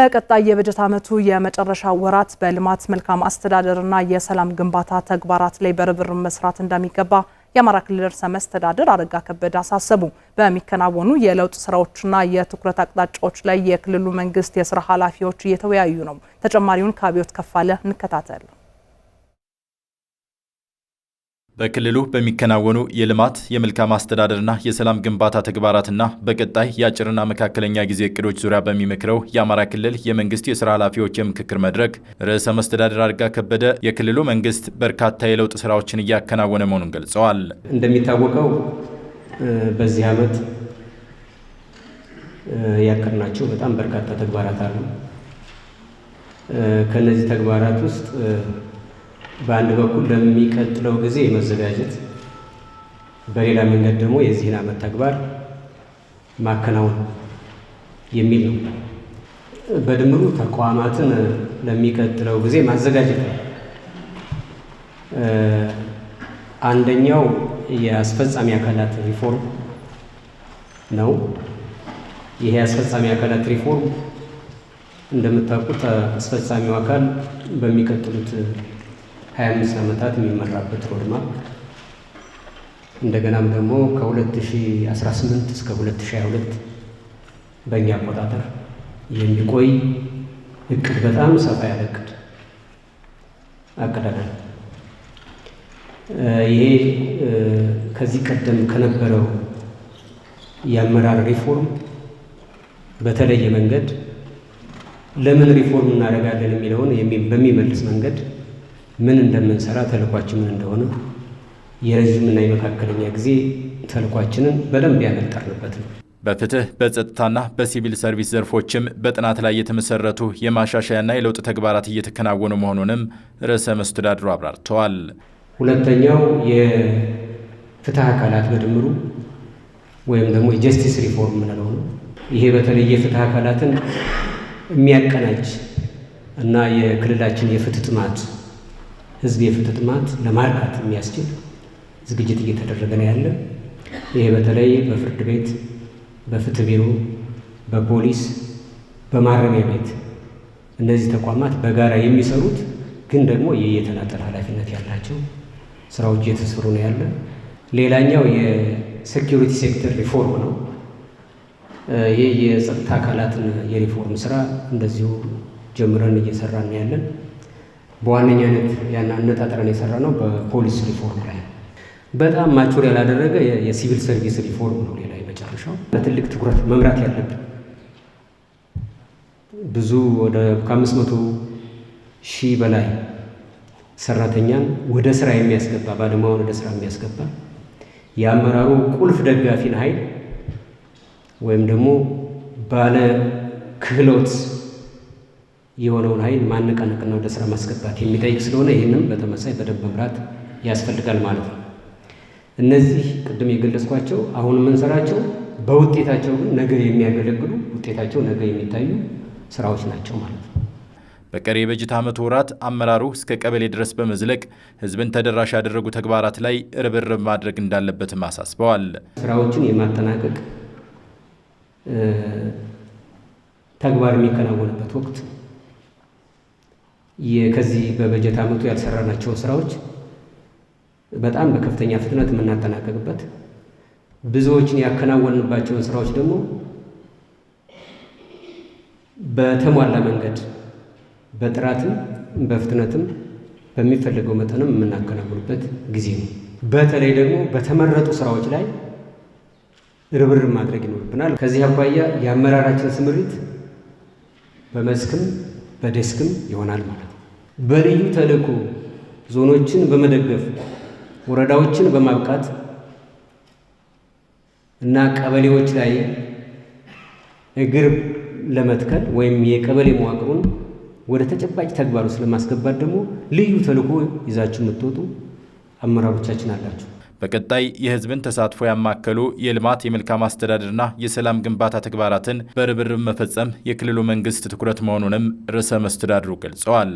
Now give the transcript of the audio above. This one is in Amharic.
በቀጣይ የበጀት ዓመቱ የመጨረሻ ወራት በልማት መልካም አስተዳደርና የሰላም ግንባታ ተግባራት ላይ በርብር መስራት እንደሚገባ የአማራ ክልል ርዕሰ መስተዳድር አረጋ ከበደ አሳሰቡ። በሚከናወኑ የለውጥ ስራዎችና የትኩረት አቅጣጫዎች ላይ የክልሉ መንግስት የስራ ኃላፊዎች እየተወያዩ ነው። ተጨማሪውን ከአብዮት ከፋለ እንከታተል። በክልሉ በሚከናወኑ የልማት የመልካም አስተዳደርና የሰላም ግንባታ ተግባራትና በቀጣይ የአጭርና መካከለኛ ጊዜ እቅዶች ዙሪያ በሚመክረው የአማራ ክልል የመንግስት የስራ ኃላፊዎች የምክክር መድረክ ርዕሰ መስተዳደር አረጋ ከበደ የክልሉ መንግስት በርካታ የለውጥ ስራዎችን እያከናወነ መሆኑን ገልጸዋል። እንደሚታወቀው በዚህ ዓመት ያቀድናቸው በጣም በርካታ ተግባራት አሉ። ከእነዚህ ተግባራት ውስጥ በአንድ በኩል ለሚቀጥለው ጊዜ የመዘጋጀት በሌላ መንገድ ደግሞ የዚህን ዓመት ተግባር ማከናወን የሚል ነው። በድምሩ ተቋማትን ለሚቀጥለው ጊዜ ማዘጋጀት ነው። አንደኛው የአስፈጻሚ አካላት ሪፎርም ነው። ይሄ የአስፈጻሚ አካላት ሪፎርም እንደምታውቁት አስፈጻሚው አካል በሚቀጥሉት 25 ዓመታት የሚመራበት ሮድማፕ እንደገናም ደግሞ ከ2018 እስከ 2022 በእኛ አቆጣጠር የሚቆይ እቅድ በጣም ሰፋ ያለ እቅድ አቅደናል። ይሄ ከዚህ ቀደም ከነበረው የአመራር ሪፎርም በተለየ መንገድ ለምን ሪፎርም እናደርጋለን የሚለውን በሚመልስ መንገድ ምን እንደምንሰራ ተልኳችን ምን እንደሆነ የረዥምና የመካከለኛ ጊዜ ተልኳችንን በደንብ ያመጣንበት ነው። በፍትህ በጸጥታና በሲቪል ሰርቪስ ዘርፎችም በጥናት ላይ የተመሰረቱ የማሻሻያና የለውጥ ተግባራት እየተከናወኑ መሆኑንም ርዕሰ መስተዳድሩ አብራርተዋል። ሁለተኛው የፍትህ አካላት በድምሩ ወይም ደግሞ የጀስቲስ ሪፎርም ምንለው ነው። ይሄ በተለይ የፍትህ አካላትን የሚያቀናጅ እና የክልላችን የፍትህ ጥማት ህዝብ የፍትህ ጥማት ለማርካት የሚያስችል ዝግጅት እየተደረገ ነው ያለ። ይህ በተለይ በፍርድ ቤት፣ በፍትህ ቢሮ፣ በፖሊስ፣ በማረሚያ ቤት እነዚህ ተቋማት በጋራ የሚሰሩት ግን ደግሞ የየተናጠል ኃላፊነት ያላቸው ስራዎች እየተሰሩ ነው ያለ። ሌላኛው የሴኪሪቲ ሴክተር ሪፎርም ነው። ይህ የጸጥታ አካላትን የሪፎርም ስራ እንደዚሁ ጀምረን እየሰራን ያለን በዋነኛነት ያን አነጣጥረን የሰራ ነው በፖሊስ ሪፎርም ላይ በጣም ማቹር ያላደረገ የሲቪል ሰርቪስ ሪፎርም ነው። ሌላ የመጨረሻው በትልቅ ትኩረት መምራት ያለብን ብዙ ወደ ከአምስት መቶ ሺህ በላይ ሰራተኛን ወደ ስራ የሚያስገባ ባለሙያውን ወደ ስራ የሚያስገባ የአመራሩ ቁልፍ ደጋፊን ኃይል ወይም ደግሞ ባለ ክህሎት የሆነውን ኃይል ማነቃነቅና ወደ ስራ ማስገባት የሚጠይቅ ስለሆነ ይህንም በተመሳይ በደንብ መምራት ያስፈልጋል ማለት ነው። እነዚህ ቅድም የገለጽኳቸው አሁን የምንሰራቸው በውጤታቸው ግን ነገ የሚያገለግሉ ውጤታቸው ነገ የሚታዩ ስራዎች ናቸው ማለት ነው። በቀሪ የበጀት ዓመት ወራት አመራሩ እስከ ቀበሌ ድረስ በመዝለቅ ህዝብን ተደራሽ ያደረጉ ተግባራት ላይ ርብርብ ማድረግ እንዳለበትም አሳስበዋል። ስራዎችን የማጠናቀቅ ተግባር የሚከናወንበት ወቅት ከዚህ በበጀት ዓመቱ ያልሰራናቸው ስራዎች በጣም በከፍተኛ ፍጥነት የምናጠናቀቅበት ብዙዎችን ያከናወንባቸውን ስራዎች ደግሞ በተሟላ መንገድ በጥራትም በፍጥነትም በሚፈልገው መጠንም የምናከናውንበት ጊዜ ነው። በተለይ ደግሞ በተመረጡ ስራዎች ላይ ርብርብ ማድረግ ይኖርብናል። ከዚህ አኳያ የአመራራችን ስምሪት በመስክም በደስክም ይሆናል ማለት ነው። በልዩ ተልኮ ዞኖችን በመደገፍ ወረዳዎችን በማብቃት እና ቀበሌዎች ላይ እግር ለመትከል ወይም የቀበሌ መዋቅሩን ወደ ተጨባጭ ተግባር ውስጥ ለማስገባት ደግሞ ልዩ ተልኮ ይዛችሁ የምትወጡ አመራሮቻችን አላችሁ። በቀጣይ የህዝብን ተሳትፎ ያማከሉ የልማት የመልካም አስተዳደርና የሰላም ግንባታ ተግባራትን በርብርብ መፈጸም የክልሉ መንግስት ትኩረት መሆኑንም ርዕሰ መስተዳድሩ ገልጸዋል።